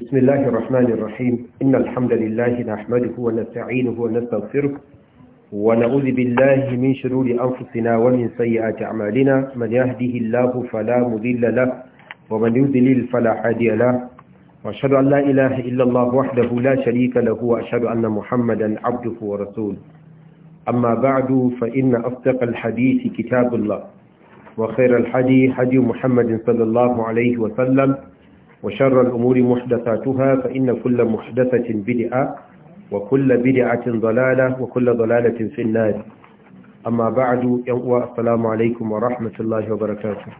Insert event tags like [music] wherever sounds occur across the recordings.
بسم الله الرحمن الرحيم إن الحمد لله نحمده ونستعينه ونستغفره ونعوذ بالله من شرور أنفسنا ومن سيئات أعمالنا من يهده الله فلا مذل له ومن يذلل فلا هادي له وأشهد أن لا إله إلا الله وحده لا شريك له وأشهد أن محمدا عبده ورسوله أما بعد فإن أصدق الحديث كتاب الله وخير الحديث حديث محمد صلى الله عليه وسلم وشر الأمور محدثاتها فإن كل محدثة بدعة وكل بدعة ضلالة وكل ضلالة في النار أما بعد يوم السلام عليكم ورحمة الله وبركاته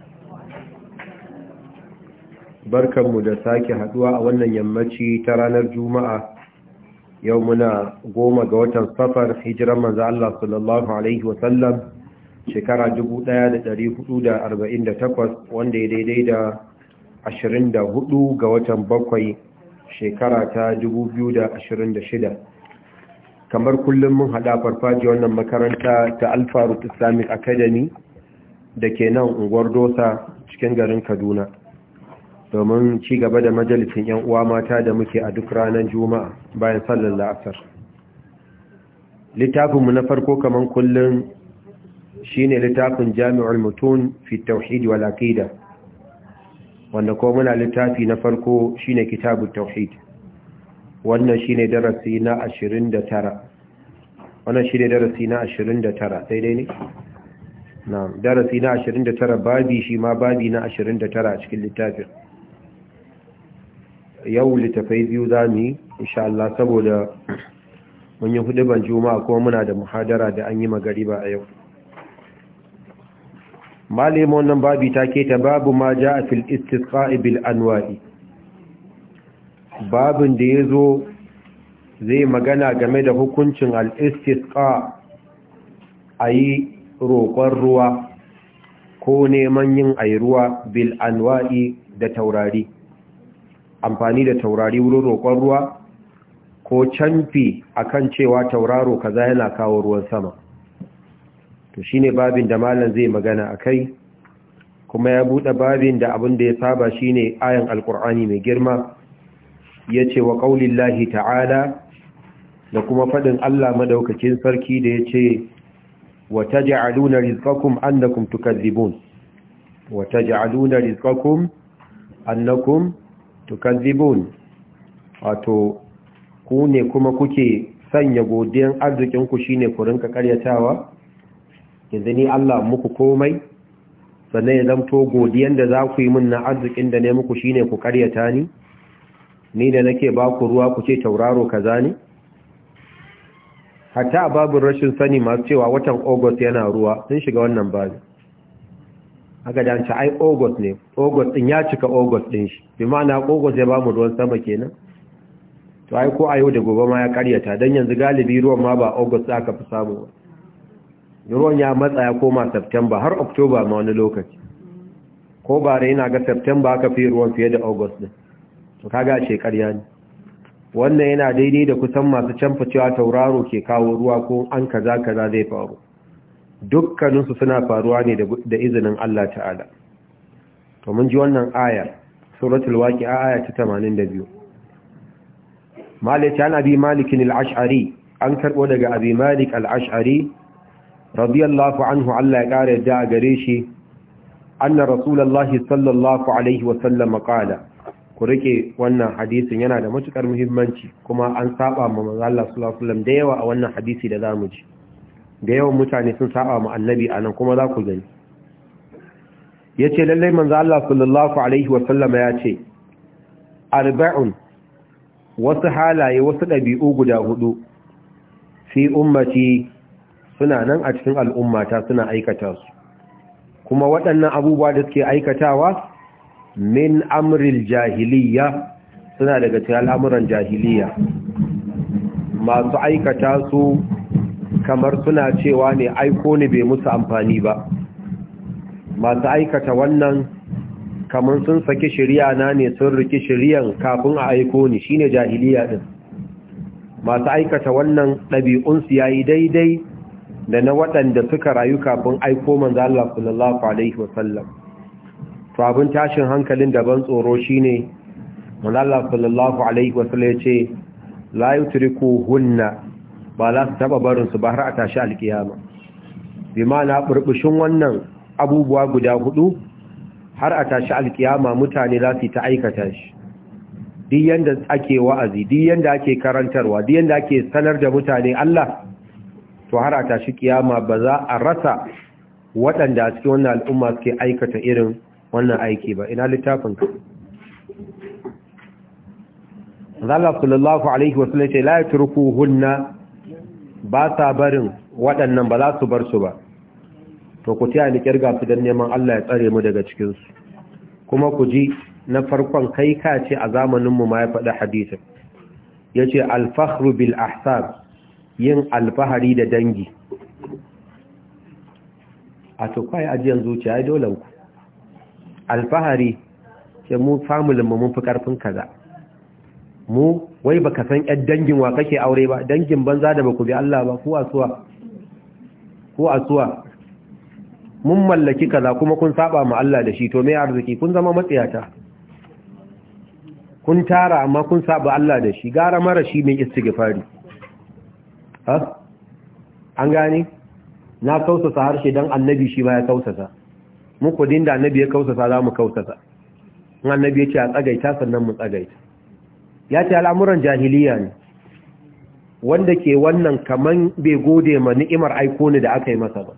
بركة مدساك هدوى أولا يمتشي ترانا الجمعة يومنا قوم قوتا صفر هجرة من الله صلى الله عليه وسلم شكرا جبوتا لتريه أولا أربعين تقوى وان دي دي دي, دي, دي 24 ga watan bakwai shekara ta 2026 kamar kullum mun hada farfaji wannan makaranta ta alfaru islamic academy da ke nan unguwar dosa cikin garin kaduna domin ci gaba da majalisin 'yan uwa mata da muke a duk ranar juma'a bayan sallar la'asar littafinmu na farko kamar kullum shine littafin jami'ar mutum, fi tauhidi wal aqida wanda ko muna littafi na farko shine kitabu tauhid wannan shine darasi na 29 wannan shine darasi na 29 daidai ne na'am darasi na 29 babi shi ma babi na 29 a cikin littafin yau littafai biyu za yi insha Allah saboda mun yi hudu ban juma'a kuma muna da muhadara da an yi magariba a yau malama wannan babi ta ke babu ma ja a fil bil anwa'i babin da ya zo zai magana game da hukuncin al istisqa ayi roƙon ruwa ko neman yin ayi ruwa bil da taurari amfani da taurari wurin roƙon ruwa ko canfi akan cewa tauraro kaza yana kawo ruwan sama to shine babin da malam zai magana akai kuma ya buɗe babin da abin da ya saba shine ayan alqur'ani mai girma yace wa qaulillahi ta'ala da kuma faɗin Allah madaukakin sarki da yace wa taj'aluna rizqakum annakum tukadzibun wa taj'aluna rizqakum annakum tukadzibun wato ku ne kuma kuke sanya godiyan arzikinku shine ku rinka karyatawa yanzu ni Allah muku komai sannan ya zamto godiyan da za ku yi min na arzikin da ne muku ne ku karyata ni ni da nake ba ku ruwa ku ce tauraro kaza ni? hatta a babin rashin sani masu cewa watan august yana ruwa sun shiga wannan babi aka da ai august ne august din ya cika august din shi bi ma'ana august ya bamu mu ruwan sama kenan to ai ko a yau da gobe ma ya karyata don yanzu galibi ruwan ma ba august aka fi samu ba ruwan ya matsaya koma september har october ma wani lokaci ko ba da yana ga september aka fi ruwan fiye da august din to kaga ya ne wannan yana daidai da kusan masu canfa cewa tauraro ke kawo ruwa ko an kaza kaza zai faru dukkaninsu suna faruwa ne da izinin Allah ta'ala to mun ji wannan aya suratul waqi'a aya ta 82 malik an abi malik al-ash'ari an karbo daga abi malik al-ash'ari radiyallahu anhu Allah ya kare da gare shi anna rasulullahi sallallahu alaihi wa sallam qala ku rike wannan hadisin yana da matukar muhimmanci kuma an saba manzo Allah sallallahu alaihi wasallam da yawa a wannan hadisi da zamu ji da yawan mutane sun saba annabi anan kuma za ku gani yace lalle manzo Allah sallallahu alaihi arba'un wasu halaye wasu dabi'u guda hudu fi ummati suna nan a cikin al'ummata suna aikata su kuma waɗannan abubuwa da suke aikatawa min amril jahiliya suna daga cikin al'amuran jahiliya masu aikata su kamar suna cewa ne aiko ne bai musu amfani ba masu aikata wannan kamar sun saki shirya na ne sun riki shiryan kafin a aiko ni shine jahiliya din masu aikata wannan ɗabi'unsu ya yi daidai da na waɗanda suka rayu kafin aiko manzo Allah sallallahu alaihi wasallam to abin tashin hankalin da ban tsoro shine manzo Allah sallallahu alaihi wasallam yace la yutriku hunna ba za su taba barin su ba har a tashi alkiyama bi ma'ana burbushin wannan abubuwa guda hudu har a tashi alkiyama mutane za su ta aikata shi duk yanda ake wa'azi duk yanda ake karantarwa duk yanda ake sanar da mutane Allah to har a tashi kiyama ba za a rasa waɗanda a cikin wannan al'umma suke aikata irin wannan aiki ba ina littafin ka Allah sallallahu alaihi wa sallam ce la yatrukuhunna ba sa barin waɗannan ba za su bar su ba to ku tiya ni kirga su dan neman Allah ya tsare mu daga cikin su kuma ku ji na farkon kai ka ce a zamanin mu ma ya faɗi hadisin yace al-fakhru bil ahsab yin alfahari da dangi a to kai ajiyar zuciya ya dole ku alfahari ce mu familin mu mun fi karfin kaza mu wai baka san ƴan dangin wa kake aure ba dangin banza da ba ku bi Allah ba ku asuwa ko mun mallaki kaza kuma kun saba ma Allah da shi to me arziki kun zama matsiyata kun tara amma kun saba Allah da shi gara mara shi mai istighfari an gane na kausasa harshe don annabi shi ba ya kausasa muku din da annabi ya kausasa za mu kausasa in annabi ya ce a tsagaita sannan mu tsagaita ya ce al'amuran jahiliya ne wanda ke wannan kaman bai gode ma ni'imar aiko ni da aka yi masa ba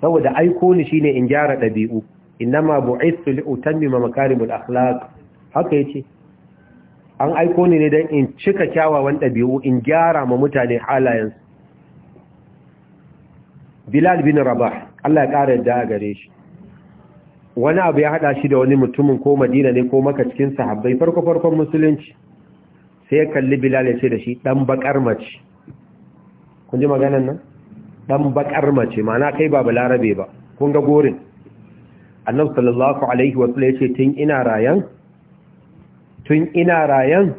saboda aiko ni shine in gyara ɗabi'u innama bu'istu li utammima makarimul akhlaq haka yace an aiko ni ne don in cika kyawawan ɗabi'u in gyara ma mutane halayensu bilal bin rabah Allah ya ƙara yadda a gare shi wani abu ya haɗa shi da wani mutumin ko madina ne ko maka cikin sahabbai farko-farkon musulunci sai ya kalli bilal ya ce da shi ɗan baƙar mace kun ji maganan nan ɗan baƙar mace mana kai ba Larabe ba kun ga gorin annabi sallallahu alaihi wasu ya ce tun ina rayan tun ina rayan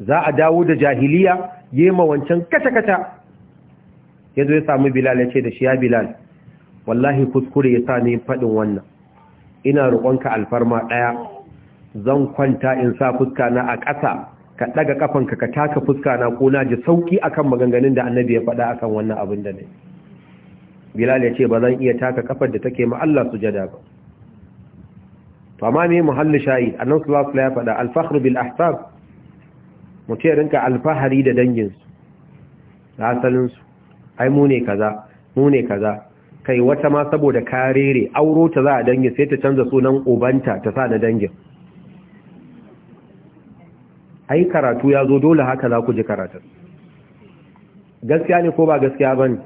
za a dawo da jahiliya yi mawancan kata-kata ya zo ya sami bilal ya ce da shi ya bilal wallahi kuskure ya sa ne faɗin wannan ina roƙonka alfarma ɗaya zan kwanta in sa fuska na a ƙasa ka ɗaga ƙafanka ka taka fuska na ko na ji sauƙi akan maganganun da annabi ya faɗa akan wannan abin da ne bilal ya ce ba zan iya taka ƙafar da take ma Allah sujada ba to me Muhalli shayi annabi sallallahu alaihi wasallam ya faɗa al-fakhru bil ahsab ya rinka alfahari da danginsu da asalinsu ai mu ne kaza mu ne kaza kai wata ma saboda karere auro ta za a dangin sai ta canza sunan ubanta ta sa da dangin ai karatu ya zo dole haka za ku ji karatun gaskiya ne ko ba gaskiya ba ne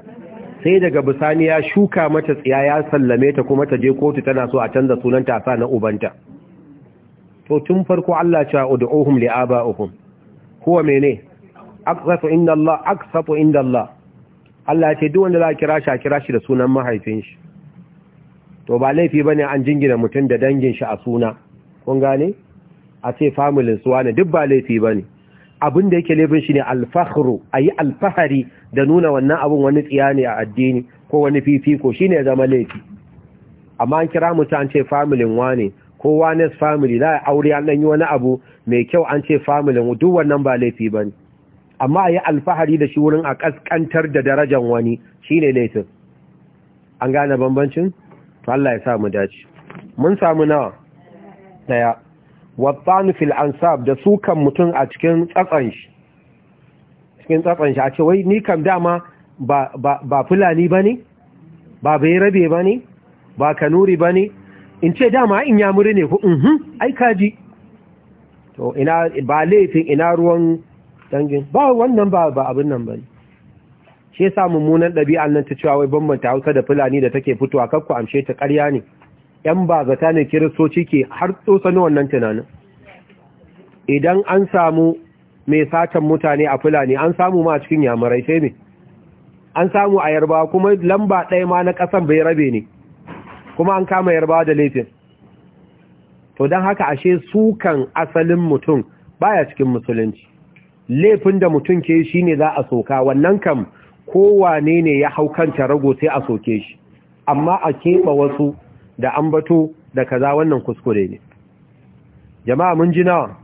sai daga bisani ya shuka mata tsiya ya sallame ta kuma ta je kotu tana so a canza sunanta a sa na ubanta to tun farko Allah cewa ud'uhum li aba'ihim huwa mene aqsafu inda Allah aqsafu inda Allah Allah ce duk wanda za kira shi a kira shi da sunan mahaifin shi to ba laifi bane an jingina mutum da dangin shi a suna kun gane a ce familin su wani duk ba laifi bane abin da yake laifin shi ne alfahru a yi alfahari da nuna wannan abin wani tsiya ne a addini ko wani fifiko shi ne ya zama laifi amma an kira mutu an ce familin wane ko wanes family za a aure an ɗanyi wani abu mai kyau an ce familin duk wannan ba laifi ba ne amma a yi alfahari da shi wurin a ƙasƙantar da darajan wani shi ne laifin an gane bambancin to Allah ya sa mu dace mun samu nawa ɗaya wattanu fil ansab da sukan mutum a cikin tsatsan shi cikin tsatsan shi a ce wai ni kam dama ba fulani ba ne ba bai rabe ba ne ba kanuri ba ne in ce dama in yamuri ne ku uhun ai kaji to ina ba laifin ina ruwan dangin ba wannan ba abin nan ba ne shi yasa mummunan ɗabi'an nan ta cewa wai bambanta hausa da fulani da take fitowa kakku amshe ta ƙarya ne ‘yan ba bazata ne kiristoci ke har tsosani wannan tunanin idan an samu mai satan mutane a fulani an samu ma cikin yamurai sai ne an samu a yarba kuma lamba ɗaya ma na ƙasan bai rabe ne kuma an kama yarba da laifin to don haka ashe sukan asalin mutum baya cikin musulunci laifin da mutum ke shi ne za a soka wannan kam kowane ne ya hau kanta rago sai a soke shi amma a keɓa wasu da ambato da kaza wannan kuskure ne jama'a mun ji nawa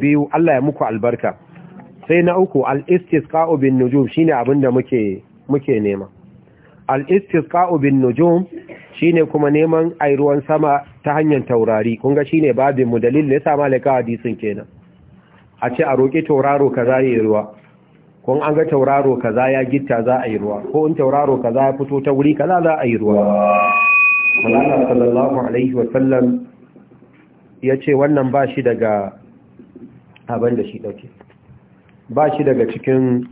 biyu Allah ya muku albarka sai na uku al-istisqa'u bin nujum shine da muke muke nema al-istisqa'u bin nujum shine kuma neman ai sama ta hanyar taurari kun ga shine babin mu ne sa malaka hadisin kenan a ce a roki tauraro kaza yayi ruwa kun an ga tauraro kaza ya gitta za a yi ruwa ko in tauraro kaza ya fito ta wuri kaza za a yi ruwa Allah sallallahu alaihi wasallam ya ce wannan ba shi daga abin da shi ɗauke ba shi daga cikin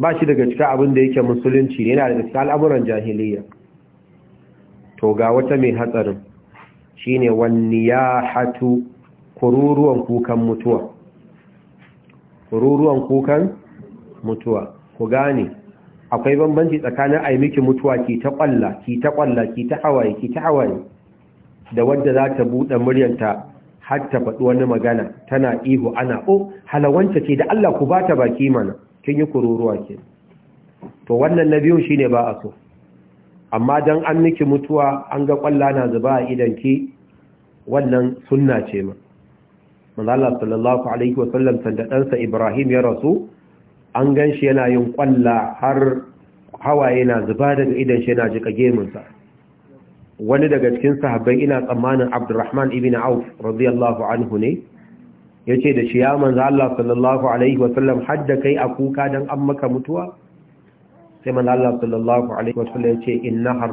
ba shi daga cikin abin da yake musulunci yana da cikin al'amuran jahiliya to ga wata mai hatsarin shi ne wani ya hatu kururuwan kukan mutuwa kururuwan kukan mutuwa ku gane akwai bambanci tsakanin ai miki mutuwa ki ta kwalla ki ta kwalla ki ta hawaye ki ta hawaye da wadda za ta buɗe muryanta har ta faɗi wani magana tana ihu ana o oh, halawanta ce da Allah ku bata baki mana kin yi kururuwa ke to wannan na biyun shine ba a so amma dan an miki mutuwa an ga kwalla na zuba a idan ki wannan sunna ce ma manzo Allah sallallahu alaihi wasallam sanda ɗansa Ibrahim ya rasu an gan shi yana yin kwalla har hawaye na zuba daga idan shi yana jika gemunsa. wani daga cikin sahabbai ina tsammanin abdurrahman ibn auf radiyallahu anhu ne ya ce da shi ya manza Allah sallallahu alaihi wasallam hadda kai a kuka don an maka mutuwa sai manza Allah sallallahu alaihi wasallam ya ce inna har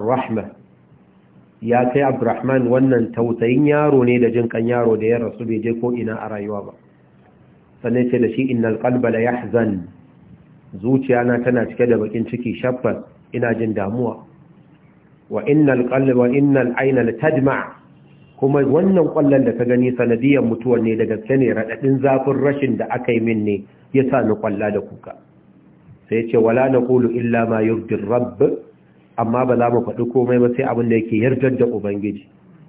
ya kai abdurrahman wannan tausayin yaro ne da jinkan yaro da ya rasu bai je ko ina a rayuwa ba sannan ce da shi innal qalba la yahzan zuciya na tana cike da bakin ciki shabbas ina jin damuwa wa innal qalbi wa innal ayna latajma kuma wannan kwallon da ka gani sanadiyar mutuwar ne da gaske ne radadin zafin rashin da aka yi min ne yasa ni kwalla da kuka sai ce wala naqulu illa ma yurdi rabb amma ba za mu faɗi komai ba sai abin da yake yardar da ubangiji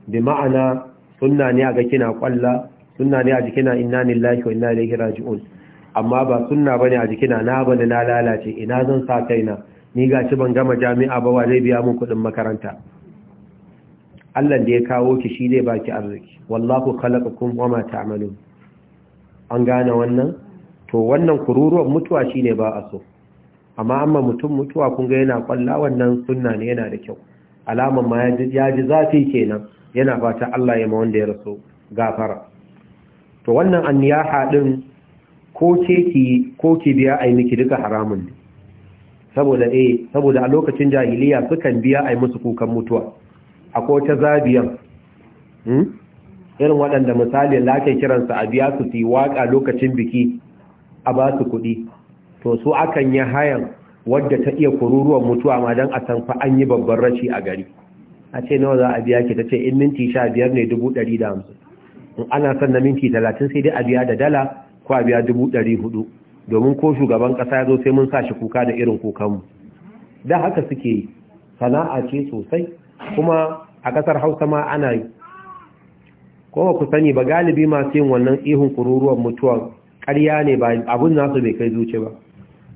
bi ma'ana sunna ne a ga kina kwalla sunna ne a ji jikina inna lillahi wa inna ilaihi raji'un amma ba sunna bane a jikina na bane na lalace ina zan sa kaina ni gashi ban gama jami'a ba wa zai biya mun kuɗin makaranta Allah da ya kawo ki shi zai baki arziki wallahu khalaqakum wama ta'malun an gane wannan to wannan kururuwar mutuwa shine ba a so amma amma mutum mutuwa kun ga yana kwalla wannan sunna ne yana da kyau alaman ma ya ji zafi kenan yana fata Allah ya ma wanda ya rasu gafara to wannan anniyaha din ko ke ki ko ki biya ai miki duka haramun ne saboda eh saboda a lokacin jahiliya sukan biya ai musu kukan mutuwa akwai ta zabiyan hmm? irin waɗanda misali da ake kiransa a biya su fi waka lokacin biki a ba su kuɗi to su akan yi hayan wadda ta iya kururuwan mutuwa ma dan a san fa an yi babban rashi a gari a ce nawa za a biya ki ta in minti sha ne dubu ɗari da hamsin in ana son na minti talatin sai dai a biya da dala ko a biya dubu ɗari hudu domin ko shugaban ƙasa ya zo sai mun sa shi kuka da irin kukanmu da haka suke sana'a ce sosai kuma a ƙasar hausa ma ana yi ko ku sani ba galibi masu yin wannan ihun kururuwan mutuwar ƙarya ne ba abin nasu bai kai zuci ba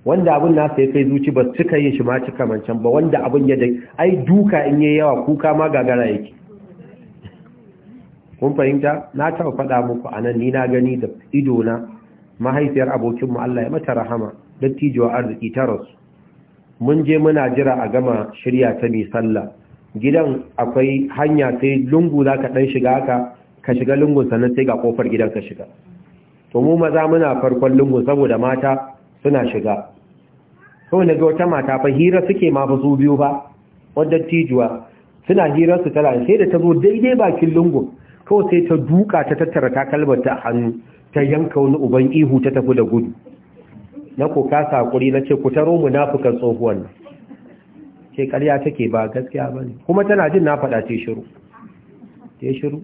wanda abin nasu ya kai zuci ba cika yin shi ma cika mancan ba wanda abin ya dai ai duka in yi yawa kuka ma gagara yake kun fahimta na taɓa faɗa muku a nan ni na gani da ido na mahaifiyar abokinmu Allah ya mata rahama tijiwa arziki ta rasu mun je muna jira a gama shirya ta mai sallah gidan akwai hanya sai lungu za ka ɗan shiga haka ka shiga lungun sannan sai ga ƙofar gidan ka shiga to mu maza muna farkon lungu saboda mata suna shiga sau na ga wata mata fa hira suke ma fa su biyu ba wadda tijuwa suna hira su tana sai da ta zo daidai bakin lungun kawai sai ta duka ta tattara takalmar ta hannu ta yanka wani uban ihu ta tafi da gudu na ku ka hakuri na ce ku taro munafukan tsohuwan nan ce ƙarya take ba gaskiya ba ne kuma tana jin na faɗa ce shiru ce shiru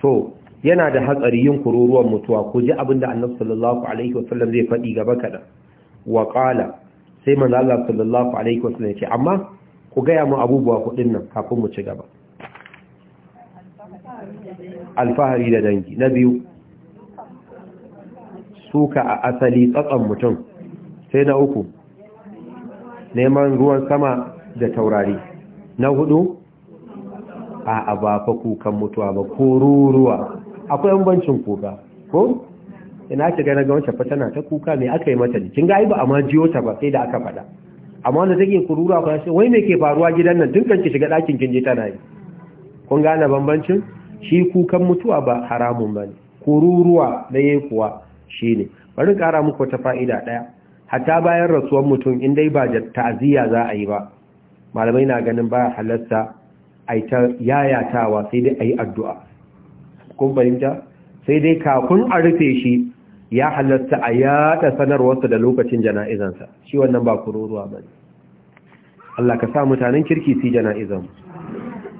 to yana da hatsari yin kururuwan mutuwa ku ji abin da annabi sallallahu alaihi wasallam zai faɗi gaba kaɗan wa qala sai manzo Allah sallallahu alaihi wasallam ya ce amma ku gaya mu abubuwa kuɗin nan kafin mu ci gaba alfahari da dangi na biyu suka a asali tsatson mutum sai na uku neman ruwan sama da taurari na hudu a ba fa kukan mutuwa ba ko ruruwa akwai yambancin kuka ko ina shiga na ga wancan fa tana ta kuka me aka yi mata kin ga ai ba amma jiyo ta ba sai da aka faɗa amma wanda take kururuwa ba sai wai me ke faruwa gidan nan dukkan ki shiga ɗakin kin je tana yi kun gane bambancin shi kukan mutuwa ba haramun bane kururuwa na yekuwa Shi ne, bari ƙara muku wata fa'ida ɗaya. Hata bayan rasuwan mutum in dai ba da ta'aziyya za a yi ba malamai na ganin ba a yi ta yayatawa sai dai a yi addu'a kun fahimta sai dai kafin a rufe shi ya halarta a yada sanarwarsa da lokacin jana'izansa shi wannan ba kururuwa ne. Allah ka sa mutanen kirki su jana'izan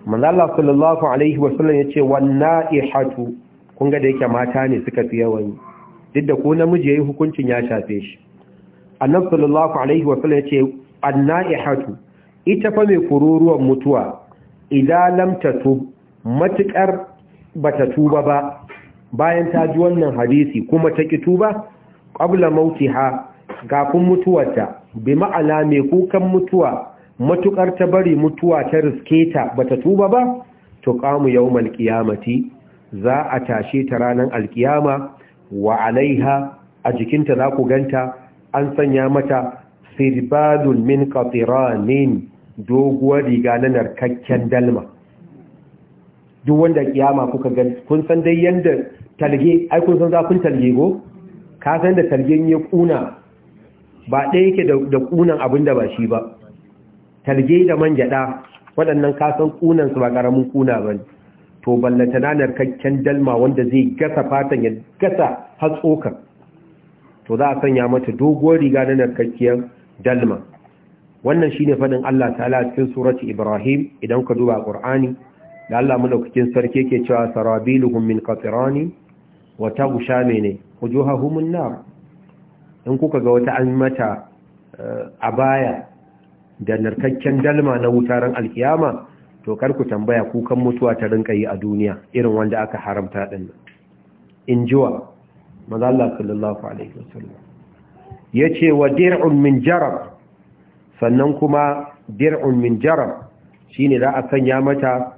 manzo Allah sallallahu alaihi wasallam yace wanna'ihatu kun ga da yake mata ne suka fi yawan duk da ko namiji yayi hukuncin ya shafe shi annabi sallallahu alaihi wa sallam yace annaihatu ita fa mai kururuwan mutuwa idan lam tatub matukar bata tuba ba bayan ta ji wannan hadisi kuma ta ki tuba qabla mautiha kafin mutuwarta bi ma'ana mai kukan mutuwa matukar ta bari mutuwa ta riske ta bata tuba ba to qamu yawmal qiyamati za a tashe ta ranar alkiyama wa alaiha a jikinta za ku ganta an sanya mata sirbadun min qatiranin doguwar riga na narkakken dalma duk wanda kiyama kuka gan, kun san dai yadda. talge ai kun san zafin talge go ka san da talgen ya kuna ba ɗaya yake da kunan abin da ba shi ba talge da man gyaɗa waɗannan ka san kunan ba karamin kuna ne. to ballata na narkakken dalma wanda zai gasa fatan ya gasa har to za a sanya mata doguwar riga na narkakkiyar dalma wannan shine fadin Allah ta'ala cikin surati Ibrahim idan ka duba Qur'ani da Allah madaukakin sarki yake cewa sarabiluhum min qatirani wa taghsha mene wujuhahum nar in kuka ga wata an mata eh, abaya da narkakken dalma na wutaren alkiyama to kar ku tambaya kukan mutuwa ta rinka yi a duniya irin wanda aka haramta din in jiwa manzo Allah sallallahu alaihi wasallam yace wa dir'un min jarab sannan kuma dir'un min jarab shine za a sanya mata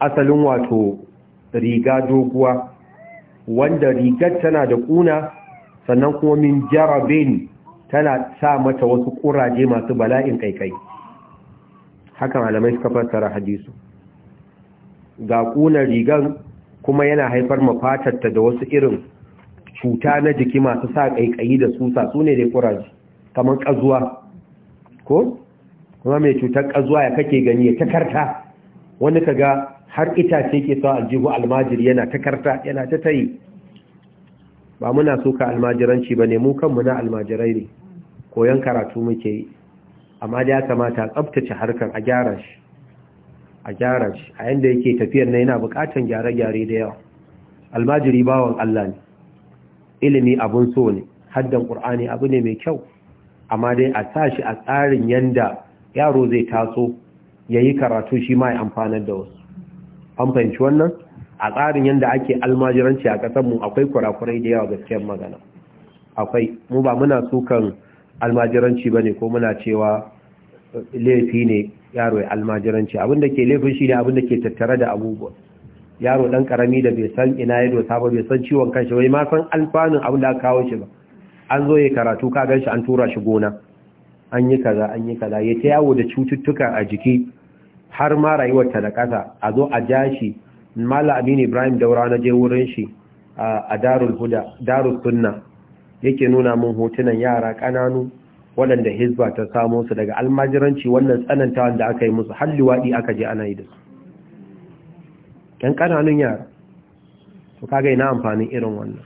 asalin wato riga doguwa wanda rigar tana da ƙuna sannan kuma min jarabin tana sa mata wasu kuraje masu bala'in ƙaiƙai haka malamai suka fassara hadisu ga ƙunar rigan kuma yana haifar mafatarta da wasu irin cuta na jiki masu sa ƙaiƙayi da susa su ne dai kuraji kamar ƙazuwa ko kuma mai cutar ƙazuwa ya kake gani ya takarta wani kaga har itace ke sa aljihu almajiri yana takarta yana ta tayi ba muna so ka almajiranci ba ne mu kanmu na almajirai ne koyon karatu muke yi amma da ya kamata a tsabtace harkar a gyara shi a gyara shi a yanda yake tafiyar na yana bukatan gyare-gyare da yawa almajiri bawan Allah ne ilimi abun so ne haddan ƙur'ani abu ne mai kyau amma dai a sa shi a tsarin yadda yaro zai taso ya yi karatu shi ma ya amfanar da wasu an fahimci wannan a tsarin yadda ake almajiranci a kasar mu akwai kurakurai da yawa gaskiyar magana akwai mu ba muna sukan almajiranci ba ne ko muna cewa laifi ne yaro ya almajiranci abinda ke laifin shi ne abinda ke tattare da abubuwa yaro dan karami da bai san ina ya dosa ba bai san ciwon kanshi bai ma san alfanun abin da aka kawo shi ba an zo ya karatu ka shi, an tura shi gona an yi kaza an yi kaza ya ta yawo da cututtuka a jiki har ma rayuwar ta da kasa a zo a ja shi mala amin ibrahim daura na je wurin shi a darul huda darul sunna yake nuna min hotunan yara ƙananu waɗanda hizba ta samo su daga almajiranci wannan tsananta da aka yi musu halluwaɗi aka je ana yi da su ƴan ƙananun yara to kaga ina amfanin irin wannan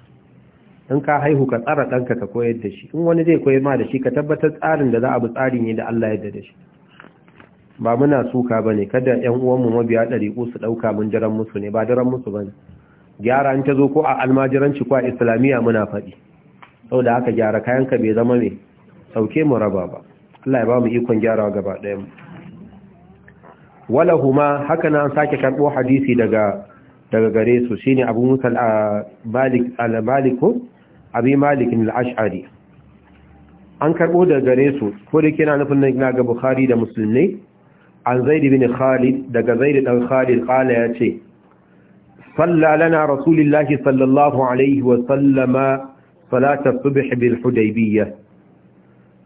in ka haihu ka tsara ɗanka ka koyar da shi in wani zai koyar ma da shi ka tabbatar tsarin da za a bi tsari ne da Allah yadda da shi ba muna suka bane kada ƴan uwanmu mabiya ɗariƙu su ɗauka mun daren musu ne ba daren musu bane gyara in ta zo ko a almajiranci ko a islamiyya muna faɗi da aka gyara kayanka bai zama mai sauke mu raba ba Allah ya ba mu ikon gyarawa gaba ɗaya mu wala huma haka nan sake karɓo hadisi daga daga gare su shine Abu Musa ah, al-Malik al-Malik Abi Malik al-Ash'ari an karɓo daga gare su ko da kina nufin nan ga Bukhari da Muslim ne an Zaid ibn Khalid daga Zaid dan Khalid kala yace ce lana rasulullahi sallallahu alaihi wa sallama salatar subih bil hudaybiyya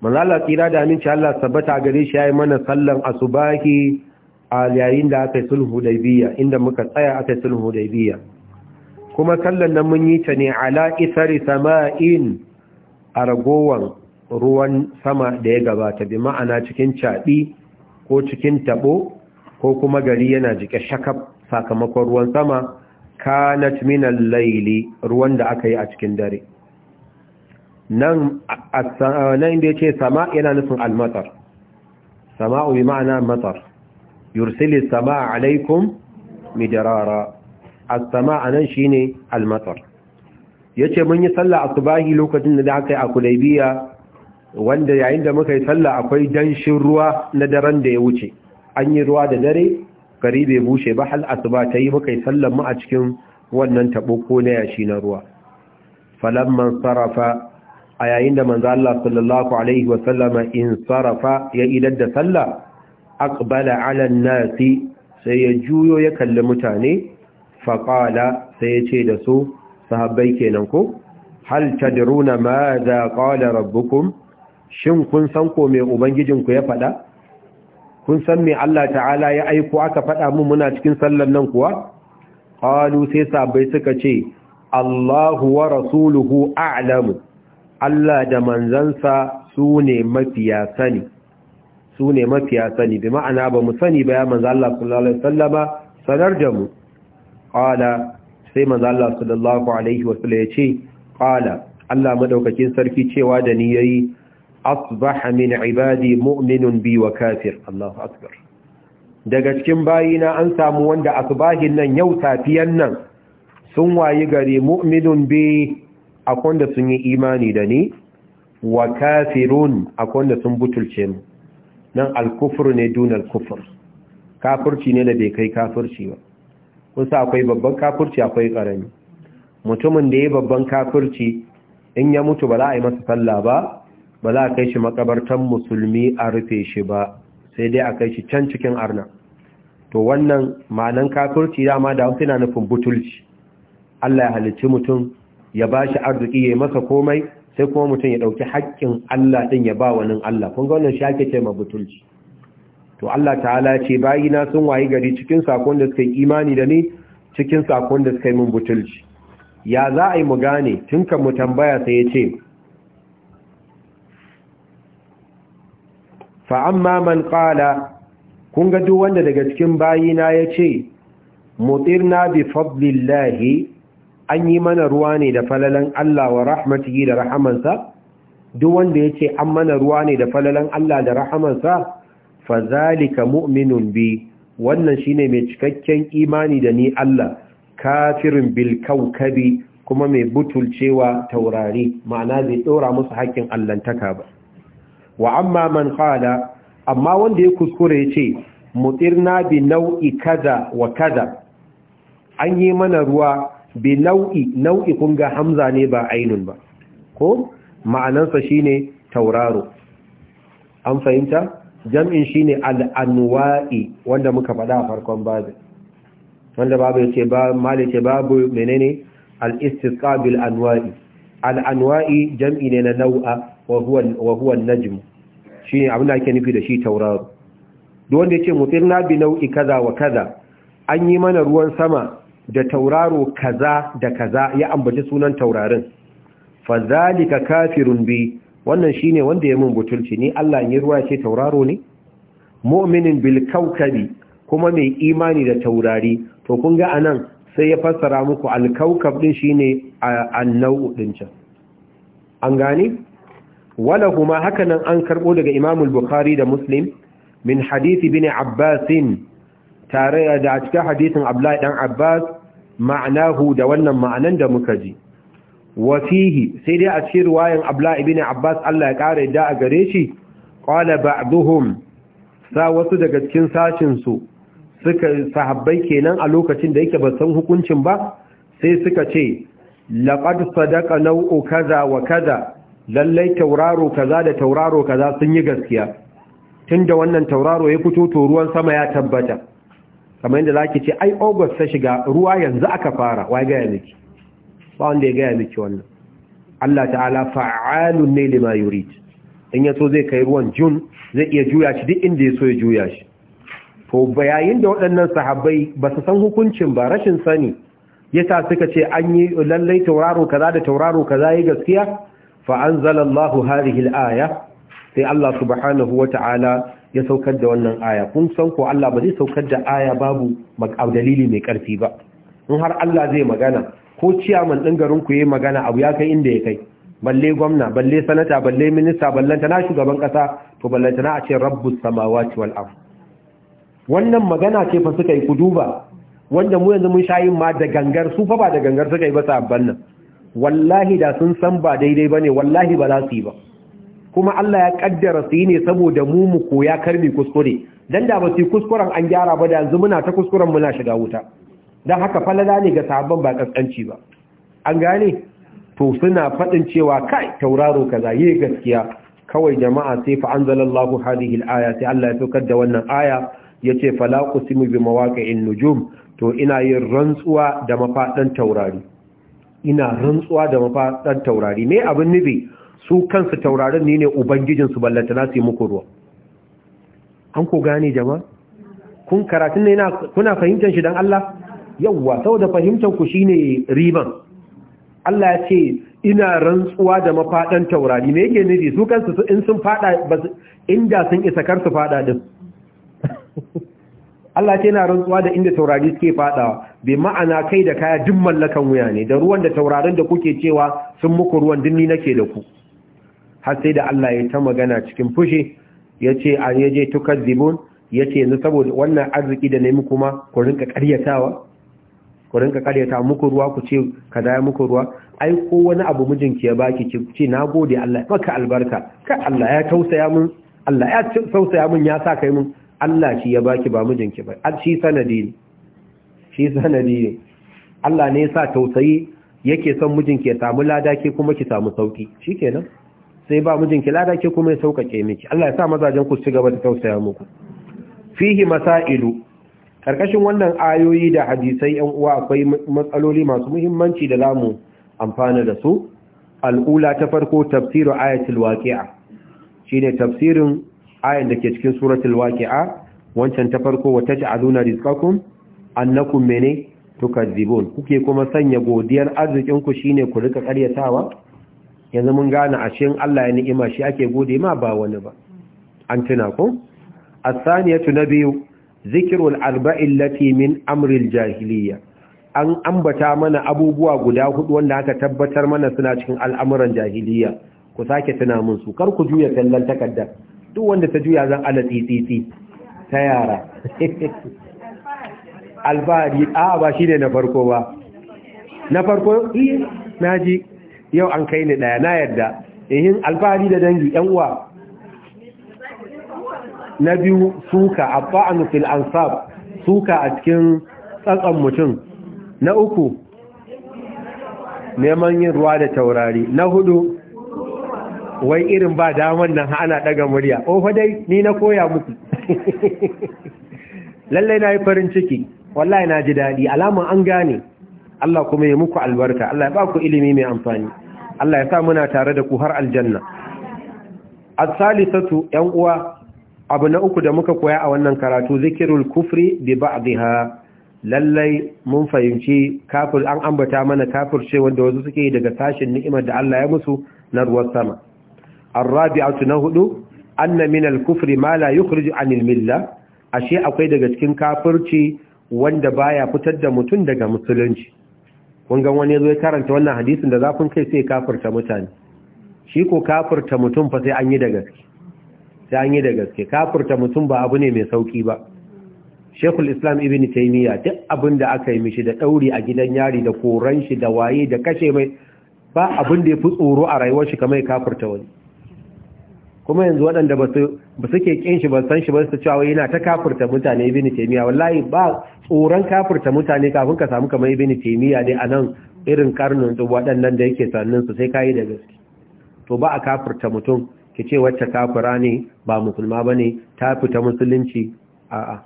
manzala kira da amince Allah sabbata gare shi yayi mana sallan asubahi a yayin da aka yi sulhu hudaybiyya inda muka tsaya aka yi sulhu hudaybiyya kuma sallan nan mun yi ta ne ala isari sama'in a ruwan sama da ya gabata bi ma'ana cikin caɓi ko cikin taɓo ko kuma gari yana jike shakab sakamakon ruwan sama kanat minal laili ruwan da aka yi a cikin dare nan nan da yace sama yana nufin al-matar sama'u bi ma'ana matar yursilu samaa alaikum midrara A sama shi shine al Ya yace mun yi sallah asubahi lokacin da aka yi a Kulaibiya wanda yayin da muka yi sallah akwai danshin ruwa na daren da ya wuce an yi ruwa da dare gari bai bushe ba hal asuba ta yi muka yi sallar mu a cikin wannan tabo ko na yashi na ruwa falamman sarrafa. a yayin da manzo Allah sallallahu alaihi wa sallama in sarafa ya idan da sallah aqbala ala nasi sai ya juyo ya kalli mutane fa qala sai ya ce da su sahabbai kenan ko hal tadruna ma za qala rabbukum shin kun san ko me ubangijinku ya faɗa kun san me Allah ta'ala ya aiko aka faɗa mu muna cikin sallan nan kuwa qalu sai sahabbai suka ce Allahu wa rasuluhu a'lamu Allah da manzansa su ne mafiya sani su ne mafiya sani bi ma'ana ba mu sani ba ya manzo Allah sallallahu alaihi wasallama sanar da mu qala sai manzo Allah sallallahu alaihi wasallam ya ce qala Allah madaukakin sarki cewa da ni yayi asbaha min ibadi mu'minun bi wa kafir Allahu akbar daga cikin bayina an samu wanda asbahin nan yau safiyan nan sun wayi gare mu'minun bi akwai wanda sun yi imani da ni wa kafirun akwai wanda sun butulce mu nan alkufur ne al kufur kafirci ne da bai kai kafirci ba kusa akwai babban kafirci akwai karami mutumin da ya babban kafirci in ya mutu ba za a yi masa sallah ba ba za a kai shi makabartan musulmi a rufe shi ba sai dai a kai shi can cikin arna to wannan ma'anan kafirci dama da wasu yana nufin butulci Allah ya halicci mutum ya ba shi arziki ya yi masa komai sai kuma mutum ya ɗauki haƙƙin Allah din ya ba wa wani Allah kun ga wannan shake taimaka butulci. to Allah ta'ala ce bayina sun wayi gari cikin sakon da suka yi imani da ni cikin sakon da suka yi min butulci ya za a yi mu gane tun kan mu tambaya sai ya ce Fa amma man ƙala kun ga duk wanda daga cikin bayina ya ce mutirna bi fadlillahi an yi mana ruwa ne da falalan Allah wa rahmatihi da rahamansa duk wanda yace an mana ruwa ne da falalan Allah da rahamansa Fazalika, mu'minun bi wannan shine mai cikakken imani da ni Allah kafirin bil kawkabi kuma mai butulcewa taurari ma'ana bai dora musu haƙƙin allantaka ba wa amma man qala amma wanda ya kuskure yace mutirna bi nau'i kaza wa kaza an yi mana ruwa bi nau'i nau'i kun ga hamza ne ba ainun ba ko ma'anansa shine tauraro an fahimta jam'in shine al-anwa'i wanda muka faɗa a farkon babu wanda babu yace ba malice babu menene al-istisqa bil anwa'i al-anwa'i jam'i ne na nau'a wa huwa wa huwa an-najm shine abin da ake nufi da shi tauraro duk wanda yace mutirna bi nau'i kaza wa kaza an yi mana ruwan sama da tauraro kaza da kaza ya ambaci sunan taurarin fa zalika kafirun bi wannan shine wanda ya mun butulci ni Allah in yi ruwa ce tauraro ne mu'minin bil kawkabi kuma mai imani da taurari to kun ga anan sai ya fassara muku alkaukab din shine annau din can an gane wala kuma hakanan an karbo daga Imam bukhari da Muslim min hadisi bin abbasin tare da cikin hadisin Abdullah dan Abbas ma'anahu da wannan ma'anan da muka ji Wasihi, sai dai a cikin riwayan abla ibn abbas Allah ya kare da a gare shi qala ba'dhum sa wasu daga cikin sashin su suka sahabbai kenan a lokacin da yake ba san hukuncin ba sai suka ce laqad sadaqa nau'u kaza wa kaza lallai tauraro kaza da tauraro kaza sun yi gaskiya tunda wannan tauraro ya fito to ruwan sama ya tabbata kamar yadda zaki ce ai august ta shiga ruwa yanzu aka fara wai gaya miki ba wanda ya gaya miki wannan Allah ta'ala fa'alun ne lima yurid in so zai kai ruwan jun zai iya juya shi duk inda so ya juya shi to bayayin da waɗannan sahabbai ba su san hukuncin ba rashin sani yasa suka ce an yi lallai tauraro kaza da tauraro kaza yi gaskiya fa anzalallahu hadhihi al-aya sai Allah subhanahu wata'ala ya saukar da wannan aya kun san ko Allah ba zai saukar da aya babu dalili mai karfi ba in har Allah zai magana ko ciyaman din garin ku yi magana abu ya kai inda ya kai balle gwamna balle sanata balle minista balle tana shugaban kasa to balle tana a ce rabbus samawati wal ardh wannan magana ce fa suka yi ku duba wanda mu yanzu mun shayin ma da gangar su fa ba da gangar suka yi ba sabban nan wallahi da sun san ba daidai bane wallahi ba za su yi ba kuma Allah ya kaddara su yi ne saboda mu mu koya karbi kuskure dan da ba su kuskuren an gyara ba da yanzu muna ta kuskuren muna shiga wuta dan haka falala ne ga sahabban ba kaskanci ba an gane to suna fadin cewa kai tauraro kaza yi gaskiya kawai jama'a sai fa anzalallahu hadhihi al-aya sai Allah ya saukar da wannan aya yace fala qusimu bi mawaqi'in nujum to ina yin rantsuwa da mafadan taurari ina rantsuwa da mafadan taurari me abin nufi su kansu taurarin ne ne ubangijinsu na su yi muku ruwa an ku gane jama'a kun karatun ne kuna fahimtar shi don Allah yawwa saboda fahimtar ku shine riban Allah ya ce ina rantsuwa da mafadan taurari me yake nufi su kansu in sun fada inda sun isa kar su fada din [laughs] Allah ce yana rantsuwa da inda taurari suke fadawa bai ma'ana kai da kaya duk mallakan wuya ne da ruwan da taurarin da kuke cewa sun muku ruwan dinni nake da ku har sai da Allah ya ta magana cikin fushi ya ce a yaje tukar Zibon? ya ce yanzu saboda wannan arziki da nemi kuma ku rinka karyatawa ku rinka karyata muku ruwa ku ce ka ya muku ruwa ai ko wani abu mijinki ya baki ki ce gode Allah maka albarka ka Allah ya tausaya mun Allah ya tausaya mun ya sa kai mun Allah shi ya baki ba mijinki ba shi sanadi ne shi sanadi ne Allah ne ya sa tausayi yake son mijinki ya samu lada ke kuma ki samu sauki shikenan sai ba mijinki lada ke kuma ya sauƙaƙe miki Allah ya sa mazajen ku ci gaba da tausaya muku fihi masailu karkashin wannan ayoyi da hadisai yan uwa akwai matsaloli masu muhimmanci da zamu amfana da su al'ula ta farko tafsirin ayatul waqi'a shine tafsirin ayan da ke cikin suratul waqi'a wancan ta farko wa taj'aluna rizqakum annakum mene tukadzibun kuke kuma sanya godiyar arzikin ku shine ku rika ƙaryatawa? yanzu mun gane a cikin Allah ya ni'ima shi ake gode ma ba wani ba an tuna ku as-saniyatu zikrul arba'i lati min amri aljahiliya an ambata mana abubuwa guda hudu wanda aka tabbatar mana suna cikin al'amuran jahiliya ku sake tuna mun su kar ku juya kallon takarda duk wanda ta juya zan ala tsitsitsi ta yara [laughs] albari a ba shine na farko ba na farko eh naji yau an kai ni ɗaya na yadda ihin alfahari da dangi yan uwa na biyu suka a fil ansab suka a cikin tsatsan mutum na uku neman yin ruwa da taurari na hudu wai irin ba damar nan ana daga murya ofa dai ni na koya muku [laughs] lallai na yi farin ciki wallahi na ji daɗi alaman an gane Allah kuma ya muku albarka Allah ya ba ku ilimi mai amfani Allah ya sa muna tare da ku har aljanna as-salisatu yan uwa abu na uku da muka koya a wannan karatu zikirul kufri bi ba'dha lallai mun fahimci kafir an ambata mana ce wanda wasu suke daga sashin ni'imar da Allah ya musu na ruwan sama ar-rabi'atu na hudu anna min al-kufri ma la yukhrij anil milla ashe akwai daga cikin kafirci wanda baya fitar da mutum daga musulunci kun ga wani zo ya karanta wannan hadisin da zafin kai sai kafirta mutane shi ko kafirta mutum fa sai an yi da gaske sai an yi da gaske kafirta mutum ba abu ne mai sauki ba Shekul Islam Ibn taimiyya duk abin da aka yi mishi da ɗauri a gidan yari da koran shi da waye da kashe mai ba abin da ya fi tsoro a rayuwar shi kamar kafirta wani kuma yanzu waɗanda ba suke ƙin shi ba san shi ba su cewa yana ta kafurta mutane ibn taymiya wallahi ba tsoron kafurta mutane kafin ka samu kamar ibn taymiya ne nan irin karnin su waɗannan da yake sannin su sai yi da gaske to ba a kafurta mutum ki ce wacce kafura ne ba musulma ne? ta fita musulunci a'a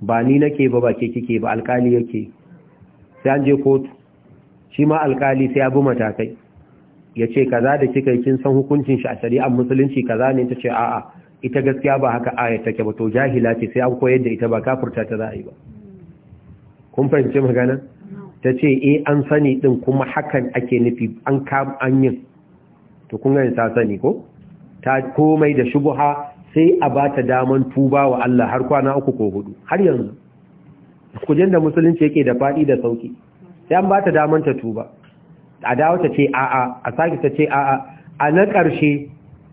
ba ni nake ba ba ke kike ba alkali yake sai an je kotu shi ma alkali sai ya bi matakai ya ce kaza da kika yi kin san hukuncin shi a shari'ar musulunci kaza ne ta ce a'a ita gaskiya ba haka ayat take ba to jahila ce sai an koyar da ita ba kafurta ta zaa yi ba kun fahimci magana ta ce eh an sani din kuma hakan ake nufi an kam an yin to kun gani ta sani ko ta komai da shubuha sai a ba ta daman tuba wa Allah har kwana uku ko hudu har yanzu kujin da musulunci yake da faɗi da sauki sai an ba ta daman ta tuba a dawo ta ce a'a a sake ta ce a'a a na ƙarshe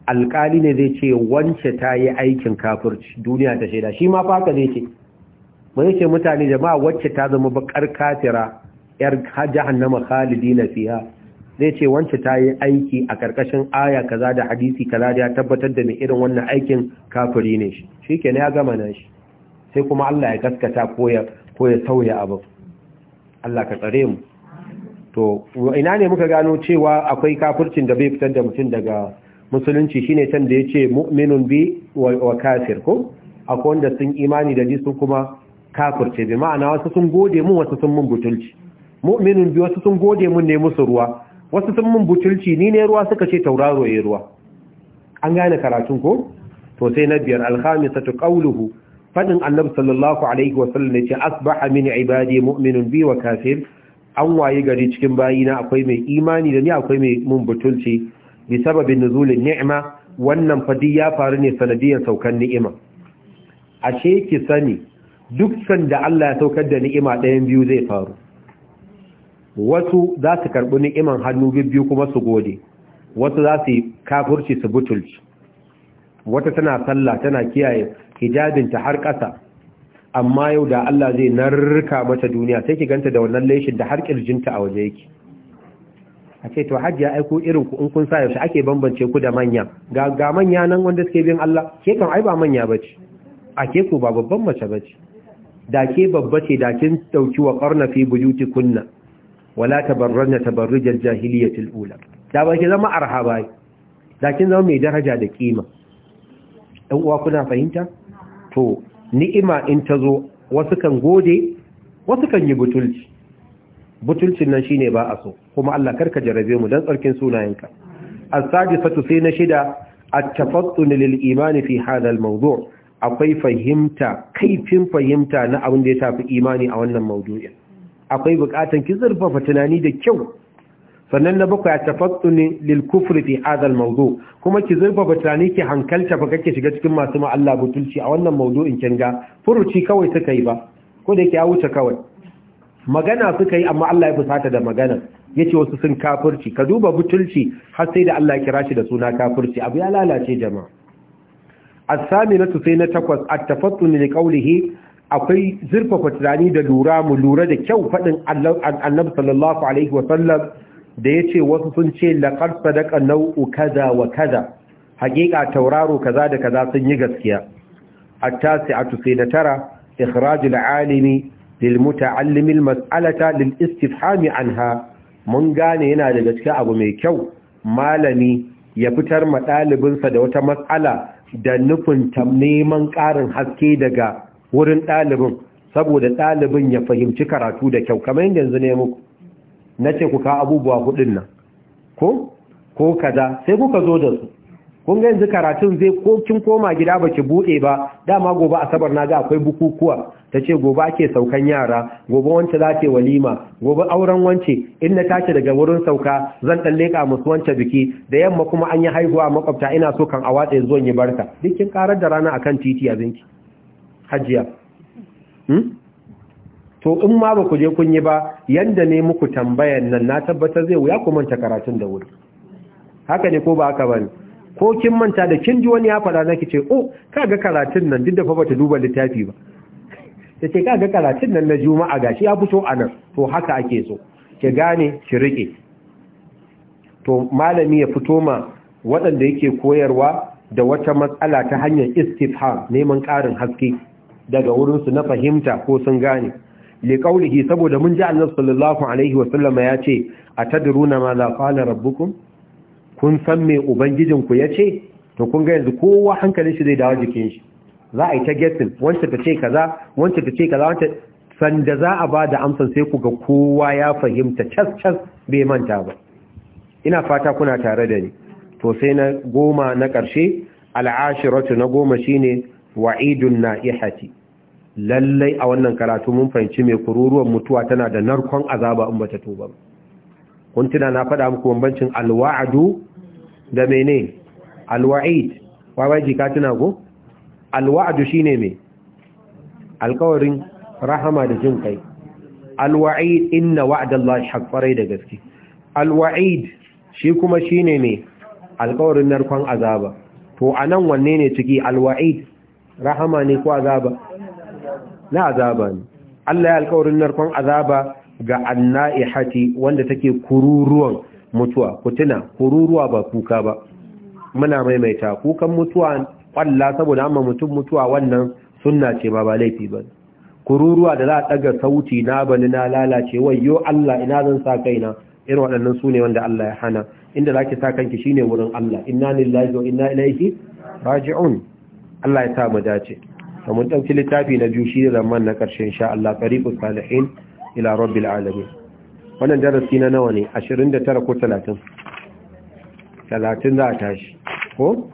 alƙali ne zai ce wance ta yi aikin kafirci duniya ta shaida shi ma faka zai ce zai ce mutane jama'a wacce ta zama bakar kafira yar jahannama na fiya zai ce wance ta yi aiki a ƙarƙashin aya kaza da hadisi kaza da ya tabbatar da mai irin wannan aikin kafiri ne shi shi ke ya gama na shi sai kuma Allah ya gaskata ko ya sauya abin Allah ka tsare mu to ina ne muka gano cewa akwai kafircin da bai fitar da mutum daga musulunci shine can da ya ce mu'minun bi wa kafir ko akwai wanda sun imani da ji sun kuma kafirce bi ma'ana wasu sun gode mun wasu sun mun butulci mu'minun bi wasu sun gode mun ne musu ruwa wasu sun mun butulci ni ne ruwa suka ce tauraro ya ruwa an gane karatun ko to sai na biyar alhamisatu qawluhu fadin annabi sallallahu alaihi wasallam ya ce asbaha min ibadi mu'minun bi wa kafir an waye gari cikin bayina akwai mai imani da ni akwai mai mun butulci bi sababin nuzulin ni'ima wannan fadi ya faru ne sanadiyan saukan ni'ima ashe ki sani duk da Allah ya saukar da ni'ima ɗayan biyu zai faru wasu za su karɓi ni'iman hannu biyu kuma su gode wasu za su kafurci su butulci wata tana sallah tana kiyaye hijabinta har ƙasa amma yau da Allah zai narka mata duniya sai ki ganta da wannan laishin da har kirjinta a waje yake a ce to hajji ya aiko irin ku in kun sa yaushe ake bambance ku da manya ga ga manya nan wanda suke bin Allah ke kan ai ba manya bace a ke ku ba babban mace bace da ke babba ce da kin dauki wa qarna fi kunna. wala tabarrana tabarruj al-jahiliyyah al-ula da ba ki zama arhaba da kin zama mai daraja da kima dan uwa kuna fahimta to ni'ima in ta zo wasu kan gode wasu kan yi butulci butulcin nan shine ba a so kuma Allah karka jarabe mu dan tsarkin sunayenka asadi fatu sai na shida at-tafattun lil imani fi hada al-mawdu' akwai fahimta kaifin fahimta na abin da ya tafi imani a wannan mawdu'in akwai bukatan ki zurfafa tunani da kyau sannan na bakwai a tafattuni lil kufri fi hadal mawdu kuma ki zurfa tunani ki hankalta ba kake shiga cikin masu ma Allah butulci a wannan mawdu'in kin ga furuci kawai suka yi ba ko da yake ya wuce kawai magana suka yi amma Allah ya fusata da magana yace wasu sun kafirci ka duba butulci har sai da Allah ya kira shi da suna kafirci abu ya lalace jama'a as-saminatu sai na takwas at tafattu li qawlihi akwai zurfafa tunani da lura mu lura da kyau fadin Allah annabi sallallahu alaihi wa sallam da ya ce wasu sun ce laƙar sadaka nau'u kaza wa kaza haƙiƙa tauraro kaza da kaza sun yi gaskiya a tasi a tufe da tara ikhrajul alimi lil muta'allimil mas'alata lil istifhami ha, mun gane yana da cikin abu mai kyau malami ya fitar ma ɗalibinsa da wata matsala da nufin neman ƙarin haske daga wurin ɗalibin saboda ɗalibin ya fahimci karatu da kyau kamar yanzu ne muku na ce ku ka abubuwa hudun nan ko ko kaza sai kuka zo da su kun ga yanzu karatun zai ko kin koma gida baki bude ba dama gobe asabar naga akwai bukukuwa tace gobe ake saukan yara gobe wance za ta walima gobe auren wance in na tashi daga wurin sauka zan dan leka musu wance biki da yamma kuma an yi haihuwa makwabta ina so kan awatsa zuwan yi barka duk kin karar da rana akan titi zinki hajiya hmm? to in ma ba ku je kun yi ba yanda ne muku tambayar nan na tabbatar zai wuya ku manta karatun da wuri haka ne ko ba haka bane ko kin manta da kin ji wani ya fada ki ce oh kaga karatun nan duk da fa bata duba littafi ba [laughs] ce kaga karatun nan na juma'a gashi ya fito anan to haka ake so ki gane ki rike to malami ya fito ma waɗanda yake koyarwa da wata matsala ta hanyar istifham neman ƙarin haske daga wurinsu na fahimta ko sun gane liƙaunihi saboda mun ji annabi sallallahu alaihi ya ce a ma za qala rabbukum kun san me ubangijin ya ce to kun ga yanzu kowa hankalin shi zai dawo jikin shi za a yi ta getting wanda ta ce kaza wanda ta ce kaza wanda da za a bada da sai ku ga kowa ya fahimta cas cas bai manta ba ina fata kuna tare da ni to sai na goma na karshe al'ashiratu na goma shine wa'idun na'ihati lallai a wannan karatu mun fahimci mai kururuwan mutuwa tana da narkon azaba in bata tuba kun tuna na faɗa muku bambancin alwa'adu da mene alwa'id wawai ka tuna ko alwa'adu shine me alkawarin rahama da jin kai alwa'id inna wa'dallahi farai da gaske alwa'id shi kuma shine me alkawarin narkon azaba to anan wanne ne ciki alwa'id rahama ne ko azaba na azaba ne Allah ya alkawarin narkon azaba ga annaihati wanda take kururuwan mutuwa kutuna kururuwa ba kuka ba muna maimaita kukan mutuwa kwalla saboda amma mutum mutuwa wannan sunna ce ba ba laifi ba kururuwa da za a daga sauti na bani na lalace wayyo Allah ina zan sa kaina irin waɗannan su ne wanda Allah ya hana inda za ki sa kanki shi ne wurin Allah inna lillahi wa inna ilaihi raji'un Allah ya sa mu dace da mun ɗauki littafi na biyu shi zaman na ƙarshe insha Allah tariqu salihin ila rabbil alamin wannan darasi na nawa ne 29 ko 30 30 za a tashi ko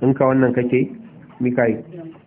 in ka wannan kake mikai